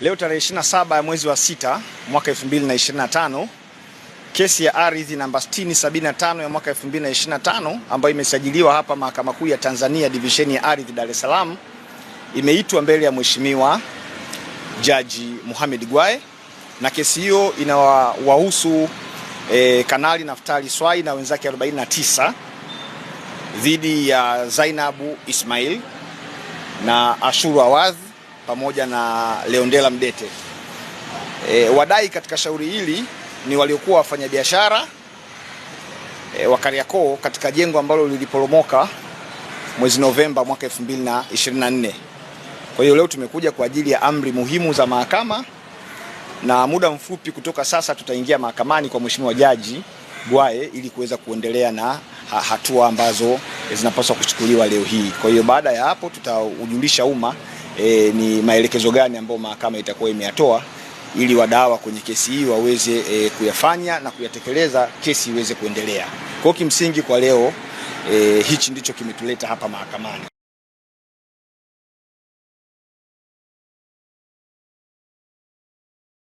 Leo tarehe 27 ya mwezi wa sita mwaka 2025, kesi ya ardhi namba 6075 ya mwaka 2025 ambayo imesajiliwa hapa Mahakama Kuu ya Tanzania divisheni ya ardhi Dar es Salaam imeitwa mbele ya Mheshimiwa Jaji Mohamed Gwae, na kesi hiyo inawahusu e, Kanali Naftali Swai na wenzake 49 dhidi ya Zainabu Ismail na Ashuru Awadhi pamoja na Leondela Mdete. E, wadai katika shauri hili ni waliokuwa wafanyabiashara e, wa Kariakoo katika jengo ambalo liliporomoka mwezi Novemba mwaka 2024. Kwa hiyo leo tumekuja kwa ajili ya amri muhimu za mahakama na muda mfupi kutoka sasa tutaingia mahakamani kwa Mheshimiwa Jaji gwae ili kuweza kuendelea na hatua ambazo zinapaswa kuchukuliwa leo hii. Kwa hiyo baada ya hapo tutaujulisha umma e, ni maelekezo gani ambayo mahakama itakuwa imeyatoa ili wadawa kwenye kesi hii waweze e, kuyafanya na kuyatekeleza, kesi iweze kuendelea. Kwa kimsingi, kwa leo e, hichi ndicho kimetuleta hapa mahakamani.